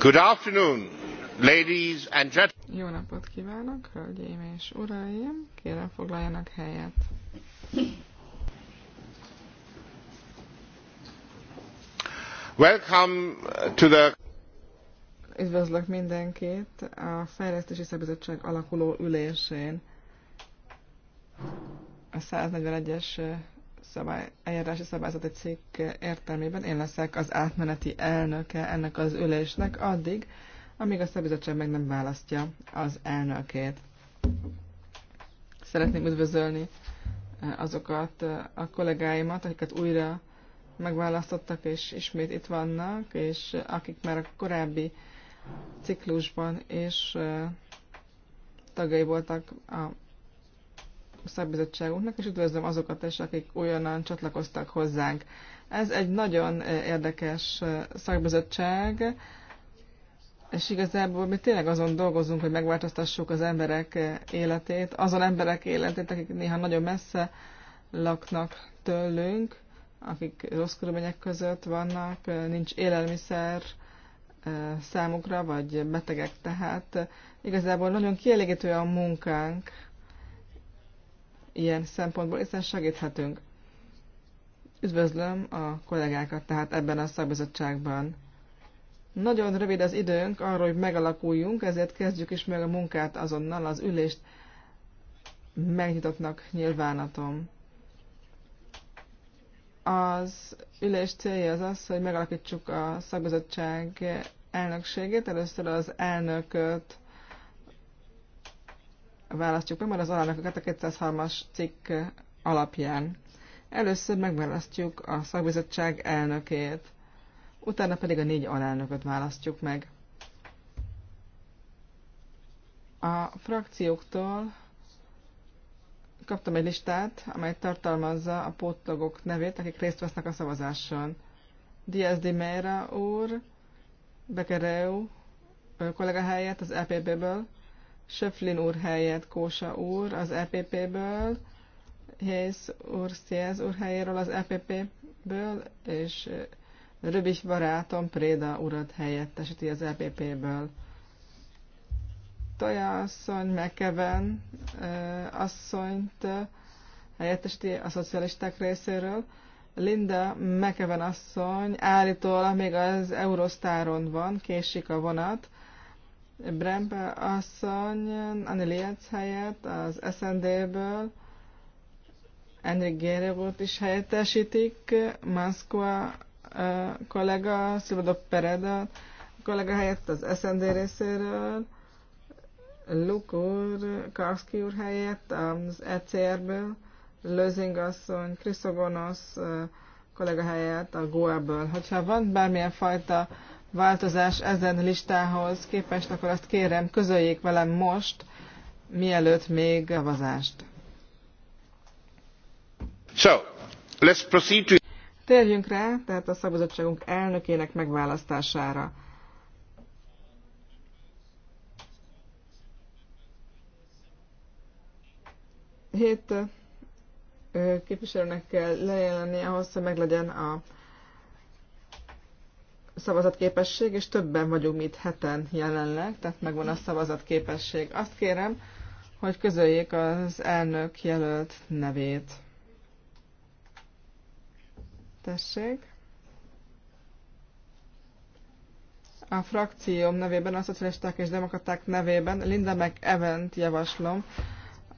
Good afternoon, ladies and gentlemen. Jó napot kívánok, hölgyeim és uraim! Kérem foglaljanak helyet. Welcome to the... Üdvözlök mindenkit a Fejlesztési Szabizottság alakuló ülésén. A 141-es szabály, eljárási szabályzati cikk értelmében én leszek az átmeneti elnöke ennek az ülésnek addig, amíg a szabizottság meg nem választja az elnökét. Szeretném üdvözölni eh, azokat eh, a kollégáimat, akiket újra megválasztottak és ismét itt vannak, és akik már a korábbi ciklusban és eh, tagjai voltak a szakbizottságunknak, és üdvözlöm azokat is, akik olyanan csatlakoztak hozzánk. Ez egy nagyon eh, érdekes eh, szakbizottság, és igazából mi tényleg azon dolgozunk, hogy megváltoztassuk az emberek eh, életét, azon emberek életét, akik néha nagyon messze laknak tőlünk, akik rossz körülmények között vannak, nincs élelmiszer számukra, vagy betegek, tehát igazából nagyon kielégítő a munkánk, ilyen szempontból, hiszen segíthetünk. Üdvözlöm a kollégákat tehát ebben a szakbizottságban. Nagyon rövid az időnk arra, hogy megalakuljunk, ezért kezdjük is meg a munkát azonnal, az ülést megnyitottnak nyilvánatom. Az ülés célja az az, hogy megalakítsuk a szakbizottság elnökségét. Először az elnököt választjuk meg, mert az alelnököket a 203-as cikk alapján. Először megválasztjuk a szakbizottság elnökét, utána pedig a négy alelnököt választjuk meg. A frakcióktól kaptam egy listát, amely tartalmazza a pótlagok nevét, akik részt vesznek a szavazáson. Diaz de Meira úr, Bekereu kollega helyett az EPB-ből, Söflin úr helyett Kósa úr az EPP-ből, Hész úr Sziez úr helyéről az EPP-ből, és eh, Röbis barátom Préda urat helyettesíti az EPP-ből. Toja asszony, Mekeven eh, asszonyt eh, helyettesíti a szocialisták részéről. Linda Mekeven asszony állítólag még az Eurostáron van, késik a vonat, Brempe asszony, a Lietz helyett az SND-ből, Enrik Gérevót is helyettesítik, Maszkva kollega, Szilvadó Pereda kollega helyett az SND részéről, Luk úr, Karszki úr helyett az ECR-ből, Lőzing asszony, Kriszogonosz kollega helyett a goa ből Hogyha van bármilyen fajta változás ezen listához képest, akkor azt kérem, közöljék velem most, mielőtt még szavazást. So, let's proceed to... Térjünk rá, tehát a szabadságunk elnökének megválasztására. Hét képviselőnek kell lejelenni ahhoz, hogy meglegyen a szavazatképesség, és többen vagyunk, mint heten jelenleg, tehát megvan a szavazatképesség. Azt kérem, hogy közöljék az elnök jelölt nevét. Tessék. A frakcióm nevében, a szocialisták és demokraták nevében Linda McEvent javaslom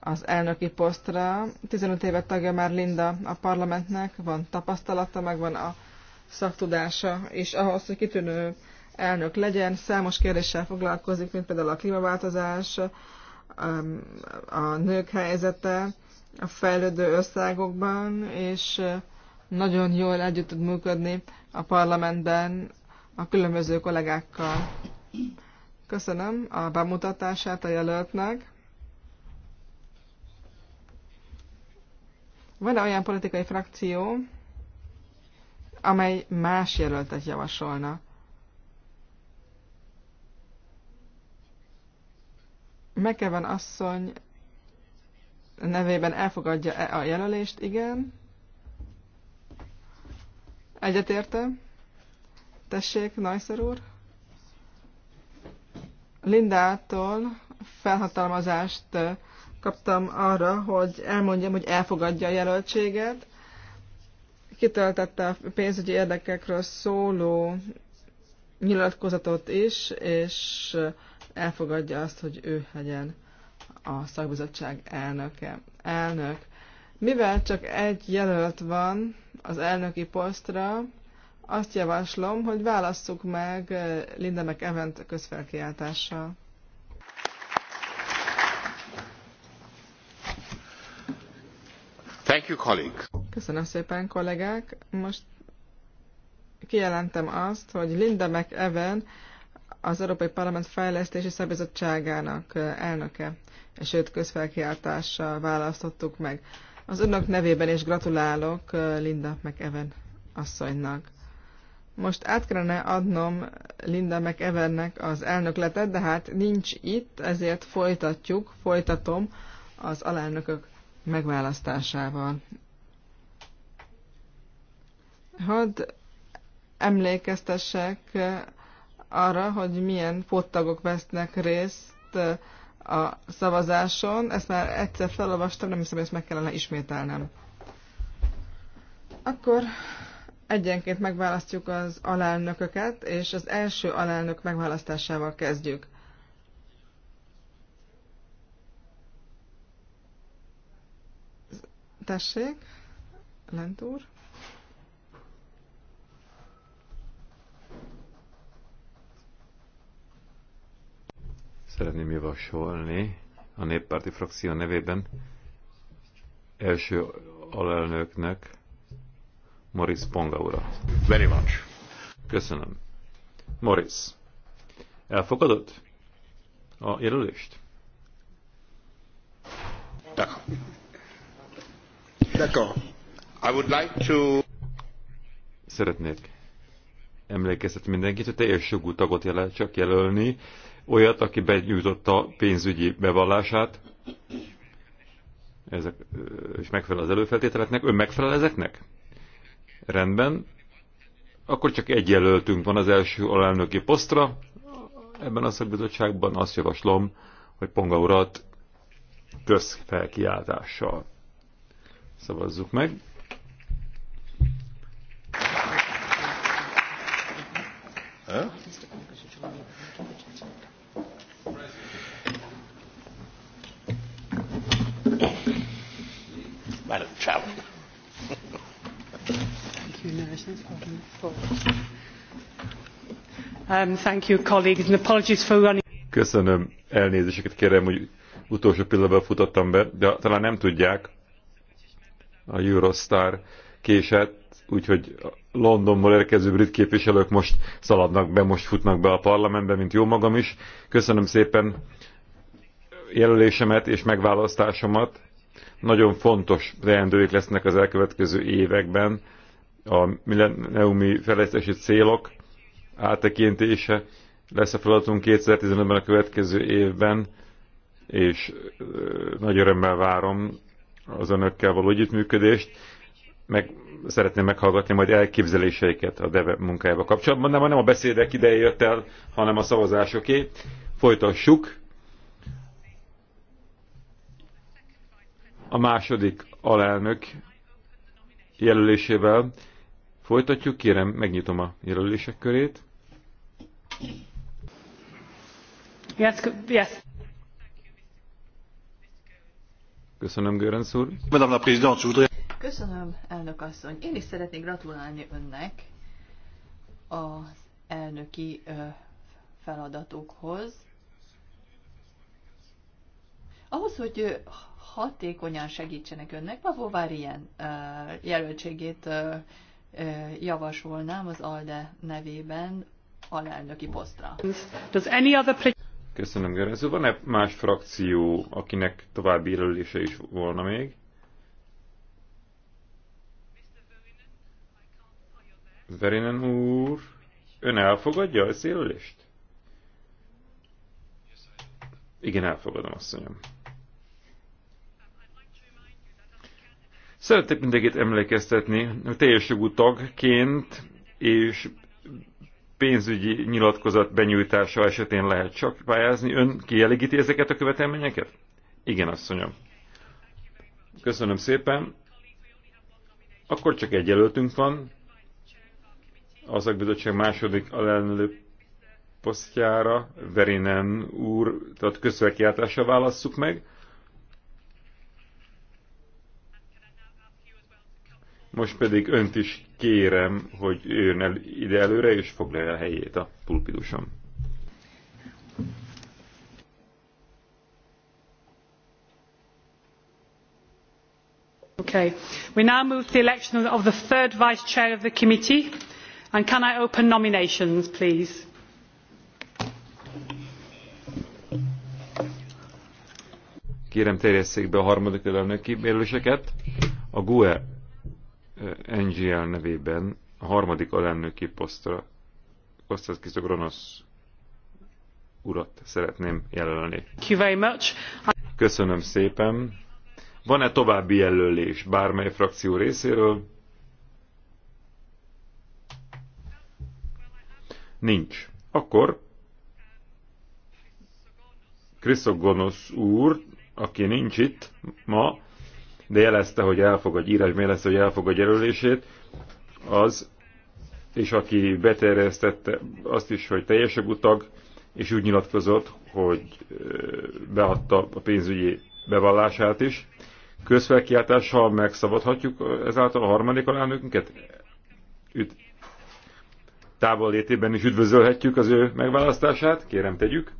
az elnöki posztra. 15 évet tagja már Linda a parlamentnek, van tapasztalata, megvan a szaktudása, és ahhoz, hogy kitűnő elnök legyen, számos kérdéssel foglalkozik, mint például a klímaváltozás, um, a nők helyzete a fejlődő országokban, és uh, nagyon jól együtt tud működni a parlamentben a különböző kollégákkal. Köszönöm a bemutatását a jelöltnek. Van-e olyan politikai frakció, amely más jelöltet javasolna. Mekeven asszony nevében elfogadja -e a jelölést? Igen. Egyetértem. Tessék, Najszer úr. Lindától felhatalmazást kaptam arra, hogy elmondjam, hogy elfogadja a jelöltséget kitöltette a pénzügyi érdekekről szóló nyilatkozatot is, és elfogadja azt, hogy ő legyen a szakbizottság elnöke. Elnök. Mivel csak egy jelölt van az elnöki posztra, azt javaslom, hogy válasszuk meg Linda McEvent közfelkiáltással. Thank you, colleagues. Köszönöm szépen, kollégák. Most kijelentem azt, hogy Linda McEwen az Európai Parlament Fejlesztési Szabizottságának elnöke, és őt közfelkiáltással választottuk meg. Az önök nevében is gratulálok Linda McEwen asszonynak. Most át kellene adnom Linda McEvennek az elnökletet, de hát nincs itt, ezért folytatjuk, folytatom az alelnökök megválasztásával. Hadd emlékeztessek arra, hogy milyen pottagok vesznek részt a szavazáson. Ezt már egyszer felolvastam, nem hiszem, hogy ezt meg kellene ismételnem. Akkor egyenként megválasztjuk az alelnököket, és az első alelnök megválasztásával kezdjük. Tessék, Lent úr. szeretném javasolni a néppárti frakció nevében első alelnöknek, Morris Ponga ura. Very much. Köszönöm. Morris, elfogadod a jelölést? D'accord. I would like to... Szeretnék emlékeztet mindenkit, hogy teljes jogú tagot jel csak jelölni, olyat, aki benyújtotta pénzügyi bevallását, ezek, és megfelel az előfeltételeknek, ön megfelel ezeknek? Rendben. Akkor csak egy jelöltünk van az első alelnöki posztra ebben a szakbizottságban. Azt javaslom, hogy Ponga urat közfelkiáltással szavazzuk meg. Madam Thank you, Um, thank you, colleagues, and apologies for running. Köszönöm, elnézéseket kérem, hogy utolsó pillanatban futottam be, de talán nem tudják, a Eurostar késett, úgyhogy Londonból érkező brit képviselők most szaladnak be, most futnak be a parlamentbe, mint jó magam is. Köszönöm szépen jelölésemet és megválasztásomat. Nagyon fontos leendőik lesznek az elkövetkező években a milleniumi fejlesztési célok áttekintése lesz a feladatunk 2015-ben a következő évben, és nagy örömmel várom az önökkel való együttműködést, meg szeretném meghallgatni majd elképzeléseiket a DEVE munkájába kapcsolatban, Nem, nem a beszédek ideje jött el, hanem a szavazásoké. Folytassuk. A második alelnök jelölésével folytatjuk. Kérem, megnyitom a jelölések körét. Yes, yes. Köszönöm, Görenc úr. Madame la Présidente, je voudrais... Köszönöm, elnök asszony. Én is szeretnék gratulálni önnek az elnöki feladatokhoz. Ahhoz, hogy hatékonyan segítsenek önnek, Pavovár ilyen jelöltségét javasolnám az ALDE nevében alelnöki posztra. Köszönöm, Gerező. Van-e más frakció, akinek további jelölése is volna még? Verinen úr, ön elfogadja a szélülést? Igen, elfogadom, asszonyom. Szeretnék mindenkit emlékeztetni, hogy teljes jogú tagként és pénzügyi nyilatkozat benyújtása esetén lehet csak pályázni. Ön kielégíti ezeket a követelményeket? Igen, asszonyom. Köszönöm szépen. Akkor csak egy jelöltünk van, az bizottság második alelnő posztjára, Verinen úr, tehát közfelkiáltásra válasszuk meg. Most pedig önt is kérem, hogy jön el ide előre, és foglalja a helyét a pulpiduson. Okay. We now move to the election of the third vice chair of the committee. And can I open nominations, please? Kérem terjesszék be a harmadik elnöki jelöléseket. A GUE eh, NGL nevében a harmadik alelnöki posztra Kostas Kisogronos urat szeretném jelölni. Köszönöm szépen. Van-e további jelölés bármely frakció részéről? Nincs. Akkor Kriszogonosz úr, aki nincs itt ma, de jelezte, hogy elfogad, írás jelezte, hogy elfogad jelölését, az, és aki beterjesztette azt is, hogy teljes tag, és úgy nyilatkozott, hogy beadta a pénzügyi bevallását is, közfelkiáltással megszabadhatjuk ezáltal a harmadik alánőkünket? létében is üdvözölhetjük az ő megválasztását, kérem tegyük.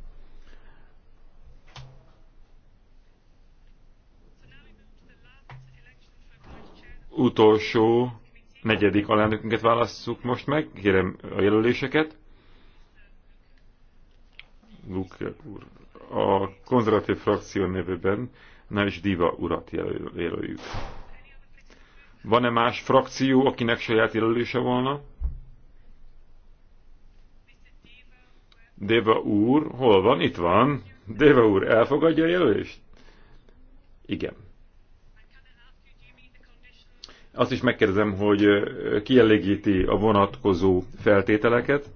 Utolsó negyedik alelnökünket választjuk most meg, kérem a jelöléseket. Luke úr, a konzervatív frakció nevében is Diva urat jelöljük. Van-e más frakció, akinek saját jelölése volna? Déva úr, hol van? Itt van. Déva úr, elfogadja a jelölést? Igen. Azt is megkérdezem, hogy kielégíti a vonatkozó feltételeket.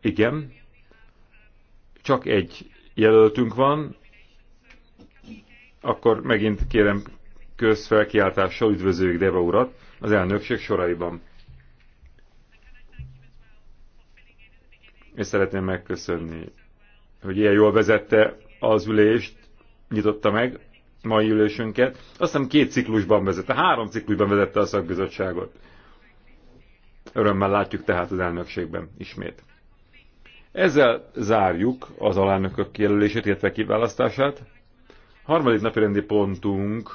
Igen. Csak egy jelöltünk van. Akkor megint kérem közfelkiáltással üdvözöljük Deva urat az elnökség soraiban. és szeretném megköszönni, hogy ilyen jól vezette az ülést, nyitotta meg mai ülésünket. Azt hiszem két ciklusban vezette, három ciklusban vezette a szakbizottságot. Örömmel látjuk tehát az elnökségben ismét. Ezzel zárjuk az alelnökök kijelölését, illetve kiválasztását. Harmadik napirendi pontunk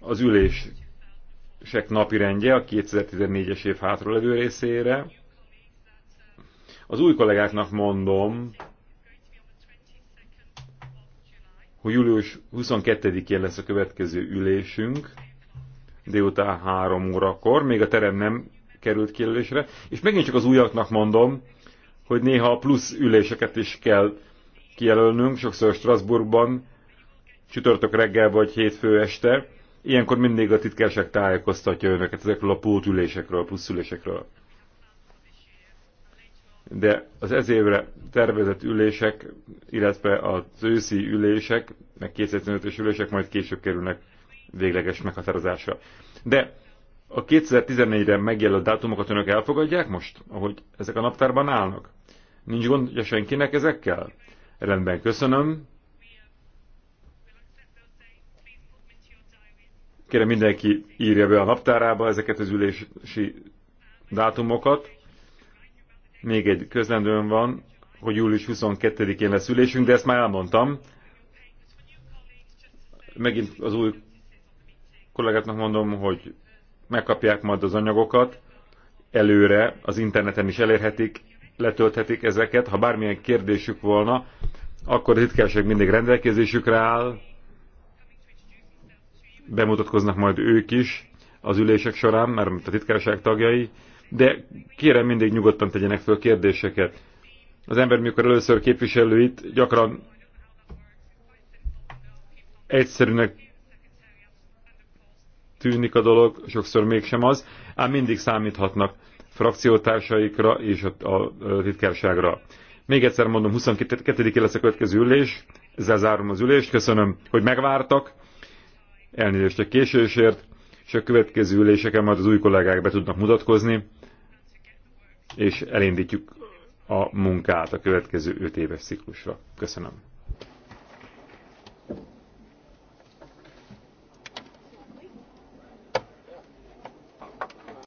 az ülések napirendje a 2014-es év hátralévő részére. Az új kollégáknak mondom, hogy július 22-én lesz a következő ülésünk, délután 3 órakor, még a terem nem került kijelölésre, és megint csak az újaknak mondom, hogy néha a plusz üléseket is kell kijelölnünk, sokszor Strasbourgban, csütörtök reggel vagy hétfő este, ilyenkor mindig a titkárság tájékoztatja önöket ezekről a pótülésekről, ülésekről de az ez évre tervezett ülések, illetve az őszi ülések, meg 2015-ös ülések majd később kerülnek végleges meghatározásra. De a 2014-re megjelölt dátumokat önök elfogadják most, ahogy ezek a naptárban állnak? Nincs gondja senkinek ezekkel? Rendben, köszönöm. Kérem mindenki írja be a naptárába ezeket az ülési dátumokat. Még egy közlendőm van, hogy július 22-én lesz ülésünk, de ezt már elmondtam. Megint az új kollégáknak mondom, hogy megkapják majd az anyagokat, előre az interneten is elérhetik, letölthetik ezeket. Ha bármilyen kérdésük volna, akkor a titkárság mindig rendelkezésükre áll, bemutatkoznak majd ők is az ülések során, mert a titkárság tagjai, de kérem mindig nyugodtan tegyenek föl kérdéseket. Az ember, mikor először képviselőit, gyakran egyszerűnek tűnik a dolog, sokszor mégsem az, ám mindig számíthatnak frakciótársaikra és a, a, a titkárságra. Még egyszer mondom, 22-én lesz a következő ülés, ezzel zárom az ülést, köszönöm, hogy megvártak, elnézést a késésért, és a következő üléseken majd az új kollégák be tudnak mutatkozni és elindítjuk a munkát a következő 5 éves ciklusra. Köszönöm.